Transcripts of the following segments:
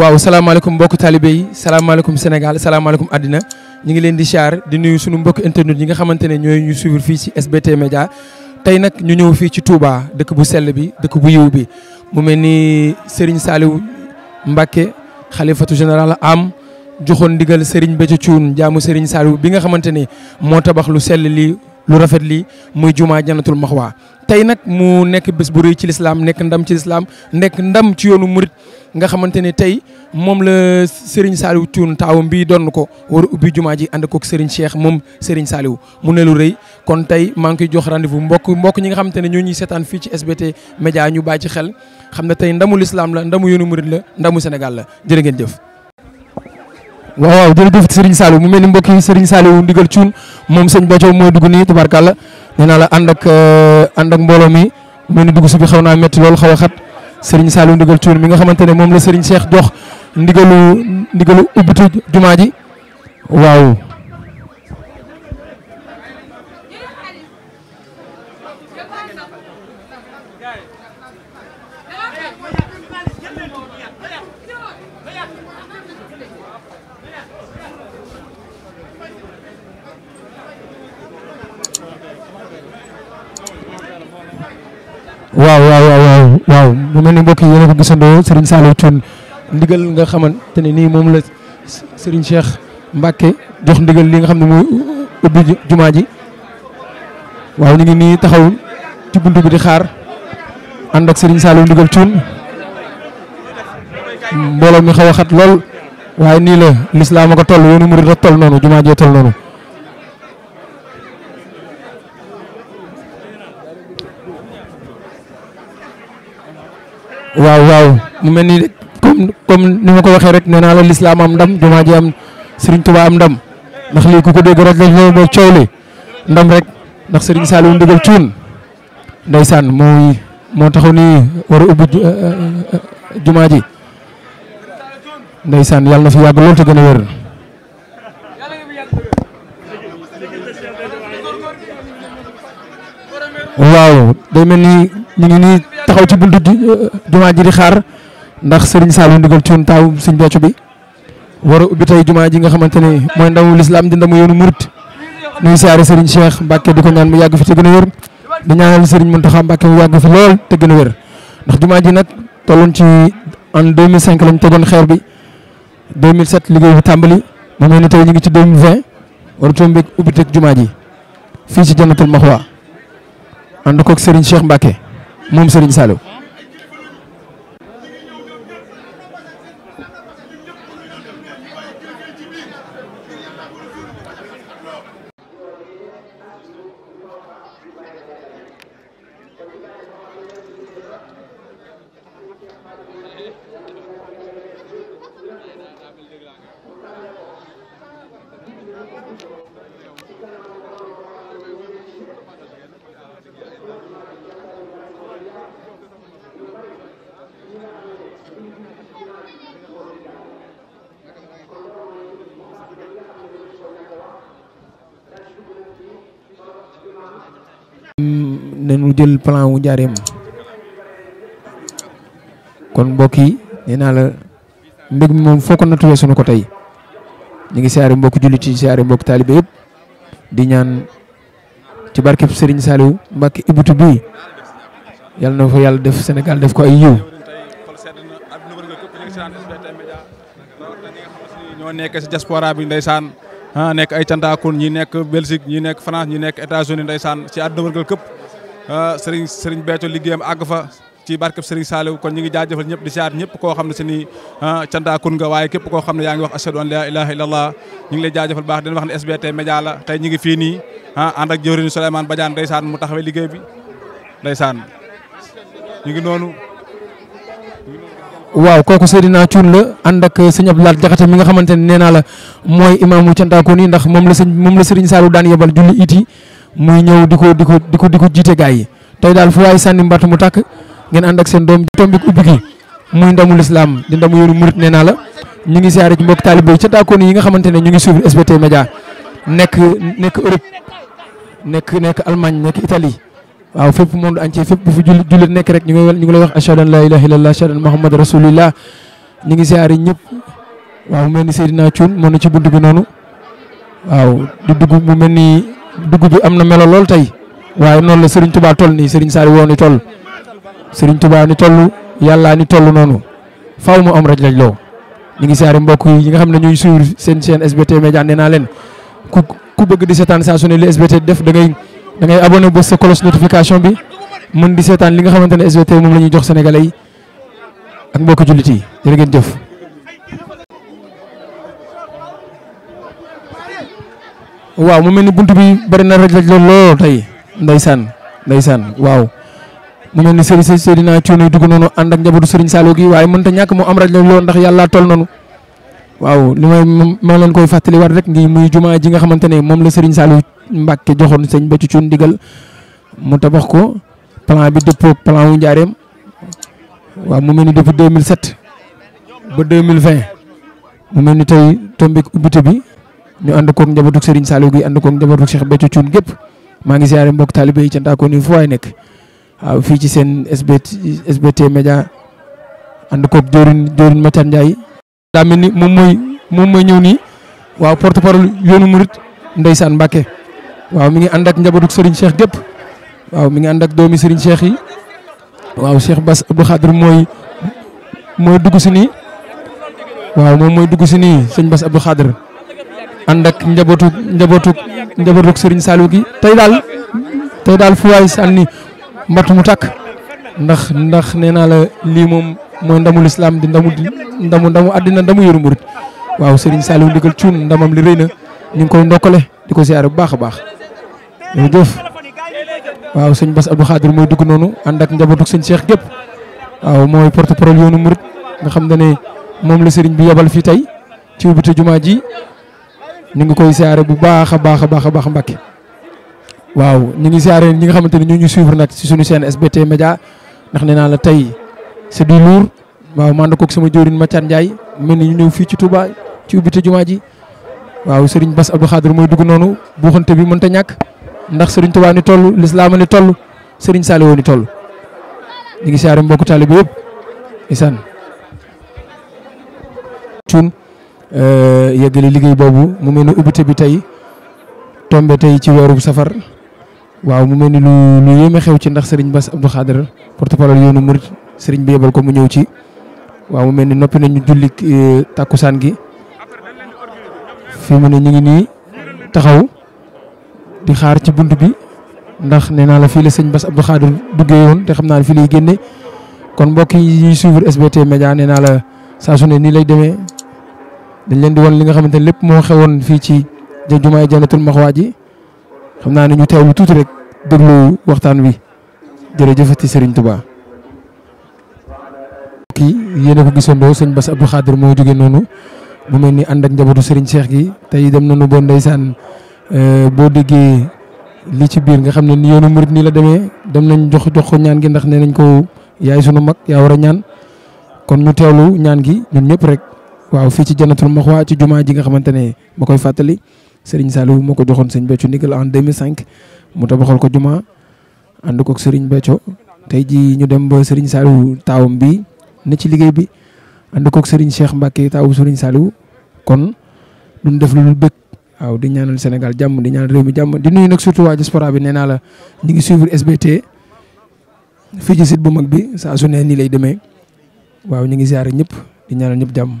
waaw salaamaaleykum mbokk taalibe yi salaamaaleykum Sénégal salaamaaleykum àddina ñu ngi leen di siyaar di nuyu suñu mbokk internet yi nga xamante ne ñooy ñu suivre fii ci SBT Média tey nag ñu ñëw fii ci Touba dëkk bu sell bi dëkk bu yiw bi mu mel ni Serigne Saliou Mbacké xalifatu général am joxoon ndigal Serigne Béthio Thioune jaamu Serigne Saliou bi nga xamante ne moo tabax lu sell lii lu rafet lii muy jumaa janatul maxwa tey nag mu nekk bés bu rëy ci lislaam nekk ndam ci lislaam nekk ndam ci yoonu murit nga xamante ne tey moom la Serigne Saliou Thioune taawam bii doon ko war a ubbi jumaa ji ànd koog Serigne Cheikh moom Serigne Saliou mu ne lu rëy kon tey maa ngi jox rendez-vous mbokk mbokk ñi nga xamante ne ñoo ñuy seetaan fii ci SBT Média ñu bàyyi ci xel xam ne tey ndamu lislaam la ndamu yoonu murit la ndamu Sénégal la jërë ngeen jëf. waaw waaw jërëjëf Serigne Saliou mu mel ni mbokk yi Serigne Saliou ndigal cuun moom sëñ Bajo mooy dugg nii tubarkàlla nee naa la ànd ak euh, ànd ak mbooloo mi mu mel ni dugg si bi xaw naa métti lool xaw a xat Serigne Saliou ndigal cuun mi nga xamante ne moom la Serigne seex jox ndigalu ndigalu ubbitu jumaa ji waaw. waaw waaw waaw waaw mu mel ni mbokk yi yéen a ko gisandoo Serigne Saliou Thioune ndigal nga xamante ne nii moom la sëriñ Cheikh mbakke jox ndigal li nga xam ne mooy ubbi jumaa ji waaw ñu ngi nii taxaw ci buntu di xaar ànd ak sëriñ Saliou ndigal Thioune mbooloo mi xaw a xat lool waaye nii la lislaam a ko toll yoonu murid a toll noonu jumaa jee toll noonu. waaw waaw mu mel ni comme comme ni ma ko waxee rek nee naa la lislaam am ndam jumaa ji am Serigne Touba am ndam ndax lii ku ko dégg rek ndax Serigne Saliou ndigal cuun ndeysaan mooy moo taxaw nii war a ubbi eh, eh, eh, jumaa ji ndeysaan yàlla fi yàgg lool te gën a wér waaw day mel ñu ngi nii taxaw ci buntu jumaa ji di xaar ndax Serigne Saliou ndigal ci woon taawu Serigne Béthio bi war a ubbi tey jumaa ji nga xamante ni mooy ndamu lislaam di ndamu yoonu murit nuyu siyaare Serigne Cheikh Mbacke di ko ñaan mu yàgg fi te gën a wér di ñaanal Serigne Mountakha Mbacke mu yàgg fi lool te gën a wér ndax jumaa ji nag tolloon ci en 2005 lañ tegoon xeer bi 2007 liggéey bi tàmbali mu mel ni tey ñu ngi ci 2020 war a tombé ubbi teg jumaa ji fii ci Jannatul Mahwa ànd koog Serigne Cheikh Mbacke. moom Serigne Saliou nañu jël plan wu njaareem kon mbokk yi nee la mbég mi moom foo ko nattuwee sunu ko tey ñu ngi siyaare mbokk jullit yi siyaare mbokk taalibe yëpp di ñaan ci barkeb Serigne Saliou Mbacke Iboutou bii yàlla na fa yàlla def Sénégal def ko ay yiw ñoo nekk si diaspora bi ndeysaan ah nekk ay cantaakun nekk Belgique ñi nekk France ñi nekk États-Unis ndeysaan si àdduna wërgal këpp Ah, sëriñ sëriñ Béthio liggéeyam àgg fa ci barkeb sëriñ Saliou kon ñu ngi jaajëfal ñëpp di siyaar ñëpp koo xam ne si ni ah, candaakun nga waaye képp koo xam ne yaa ngi wax ashhadu an la ilaha illallah ñu ngi lay jaajëfal baax den wax ne SBT Média la tey ñu ngi fii nii ah, ànd ak jëwriñu Souleymane Badiane ndeysaan mu taxawee liggéey bi ndeysaan ñu ngi noonu waaw kooku Seydina Thioune la ànd ak sëñ Abdou mi nga xamante ne nee naa la mooy imaamu candaakun yi ndax moom la sëñ moom la sëriñ Saliou daan yebal julli it muy ñëw di ko di ko di ko di ko jiite gaa yi tey daal fu waay sànni mbattu mu takk ngeen ànd ak seen doom tombik ubbi gi muy ndamu lislaam di ndamu yoonu murit nee naa la ñu ngi siyaare ci mbokk taalibe yi ca daakoon yi nga xamante ne ñu ngi suivre SBT Média nekk nekk nekk nekk Allemagne nekk Italie waaw fépp monde entier fépp bu fi nekk rek ñu ngi ñu ngi lay wax ashhadu an la ilaha illallah ashhadu muhammad rasulillah ñu ngi siyaare ñëpp waaw mu mel ni Seydina Thioune na ci bunt bi noonu waaw di dugg mu mel dugub bi am na melo lool tey waaye noonu la Serigne Touba toll nii Serigne Saliou woo ni toll Serigne Touba ni toll yàllaa ni toll noonu faaw mu am raj lañ loo ñu ngi saari mbokk yi nga xam ne ñuy suivre seen chaîne SBT Média nee naa leen ku bëgg di seetaan saa su ne li SBT def da ngay da ngay abonné ba sa cloche notification bi mën di seetaan li nga xamante ne SBT moom la ñuy jox sénégalais yi ak mbokk jullit yi ngeen jëf. waaw mu mel ni bunt bi bari na rëj-rëj lool lool tey ndeysaan ndeysaan waaw mu mel ni sëriñ sëriñ Seydina Thioune dugg noonu ànd ak njabootu sëriñ Saliou gi waaye mënta ñàkk mu am raj lañ lool ndax yàlla toll noonu waaw li may ma leen koy fàttaliwaat rek ngi muy jumaa ji nga xamante ne moom la sëriñ Saliou Mbacke joxoon sëñ Béthio Thioune ndigal mu tabax ko plan bi dëppoo plan wu njaareem waaw mu mel ni depuis 2007 ba 2020 mu mel ni tey tombéeg ubbite bi. ñu ànd koog njabootug Serigne Saliou gi ànd koog njabootug Cheikh Béthio Thioune gépp maa ngi ziare mbokk taalibe yi ca Ndakone yi fu waay nekk waaw fii ci seen SBT SBT Média ànd koog Diorin Diorin Matar Ndiaye. daa ni moom mooy moom mooy ñëw nii waaw porte parole yoonu murit ndeysaan Mbacke waaw mi ngi ànd ak njabootug Serigne Cheikh gépp waaw mi ngi ànd doomi Serigne Cheikh yi waaw Cheikh Bass Abdou waaw moom mooy dugg si sëñ Bass Abdou ànd ak njabootu njabootu njabootu Serigne Saliou gi tey daal tey daal fu waay sànni mbattu mu takk ndax ndax nee naa la lii moom mooy ndamul islam di ndamu ndamu ndamu àddina mu yëru murit waaw Serigne Saliou ndigal cuun ndamam li rëy na ñu ngi koy ndokkale di ko siyaare bu baax a baax jërëjëf waaw sëñ Bass Abdou Khadir mooy dugg noonu ànd ak njabootu sëñ Cheikh gépp waaw mooy porte parole yoonu murit nga xam ne ne moom la sëriñ bi yebal fii tey ci ubbite jumaa ji ñu ngi koy siyaare bu baax a baax a baax a baax Mbacke waaw ñu ngi siyaare ñi nga xamante ni ñu ñu suivre nag si suñu chaîne SBT Média ndax nee naa la tey c'est du lourd waaw man kook sama jëwriñ Mathiane Ndiaye mel ni ñu ñëw fii ci tubaa ci ubbite jumaa ji waaw Serigne bas Abdou Khadre mooy dugg noonu buuxante bi mënta ñàkk ndax Serigne Touba ni toll lislaama ni toll Serigne Saliou ni toll ñu ngi siyaare mbokku taalibe bi yëpp isaan. Euh, yeggali liggéey boobu mu mel ni ubbite bi tey tombe tey ci weeru safar waaw mu mel ni lu lu xew ci ndax Serigne Bass Abdou Khadre porte-parole yoonu murit Serigne bi yebal ko mu ñëw ci waaw mu mel ni noppi nañu julli euh, saan gi fi mu ne ñu ngi taxaw di xaar ci bunt bi ndax nee naa la fii la sëñ Bass Abdou Khadre duggee woon te xam naa ne fii lay kon mbokk yi ñuy suivre SBT Média nee naa la saa su lay demee dañ leen di won li nga xamante ne lépp moo xewoon fii ci jumaay Jannatul Maxwa ji xam naa ne ñu teewlu tuuti rek déglu waxtaan wi jërëjëfati Serigne Touba. kii yéen a ko gisandoo sëñ Bass Abdou Khadir moo jóge noonu mu mel ni ànd ak njabootu sëriñ seex gi tey dem nañu ba ndeysaan euh, boo déggee li ci biir nga xam ne ni yoonu murit nii la demee dem nañ jox jox ko ñaan gi ndax ne nañ ko yaay sunu mag yaa war a ñaan kon ñu teewlu ñaan gi ñun ñëpp rek. waaw fii ci janatul maxwa ci jumaa ji nga xamante ne ma koy fàttali Serigne Saliou moo ko joxoon sëñ Béthio ndigal en 2005 mu tabaxal ko jumaa ànd ko ak Serigne Béthio tey jii ñu dem ba Serigne Saliou taawam bi ne ci liggéey bi ànd ko ak Serigne Cheikh Mbacke taawu Serigne Saliou kon duñ def lu bëgg waaw di ñaanal Sénégal jàmm di ñaanal réew mi jàmm di nuyu nag surtout waa diaspora bi nee naa la ñu ngi suivre SBT fii ci site bu mag bi saa su ne nii lay demee waaw ñu ngi ziare ñëpp di ñëpp jàmm.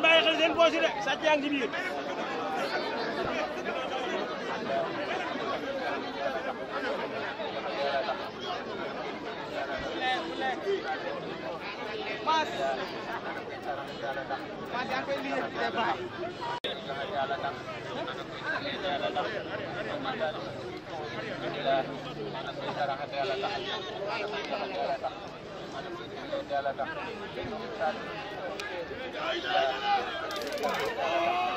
ngeen bàyyi seen poche de sàcc ngi ci biir. Haydi haydi haydi!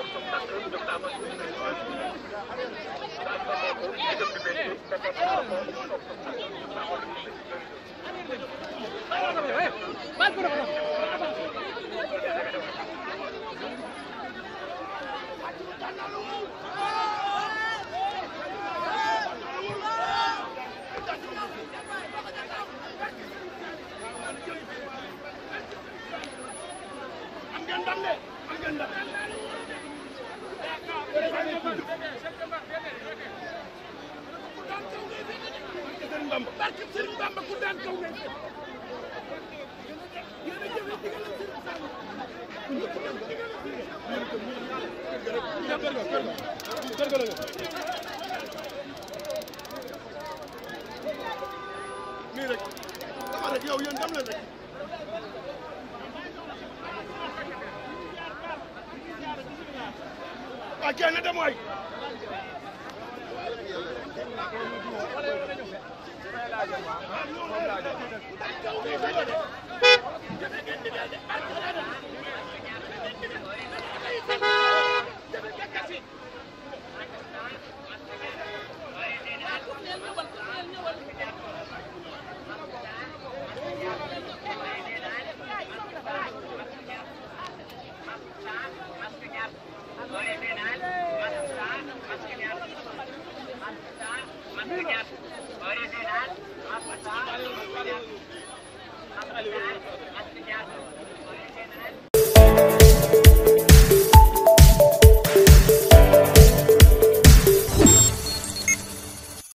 am ngeen ndam de am ngeen ndam barke Serigne Bamba ku daan kaw ngeen yéen a jëfe digalam Serigne Sall ñëpp dem digalam Serigne nii rek dama rek yow yéen dem leen rek Akia na dem waay.